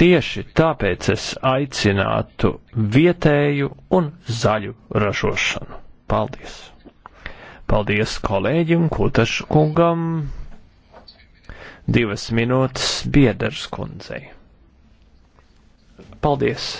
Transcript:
Tieši tāpēc es aicinātu vietēju un zaļu ražošanu. Paldies! Paldies kolēģim Kutašu kungam! Divas minūtes biedars kundzei. Paldies!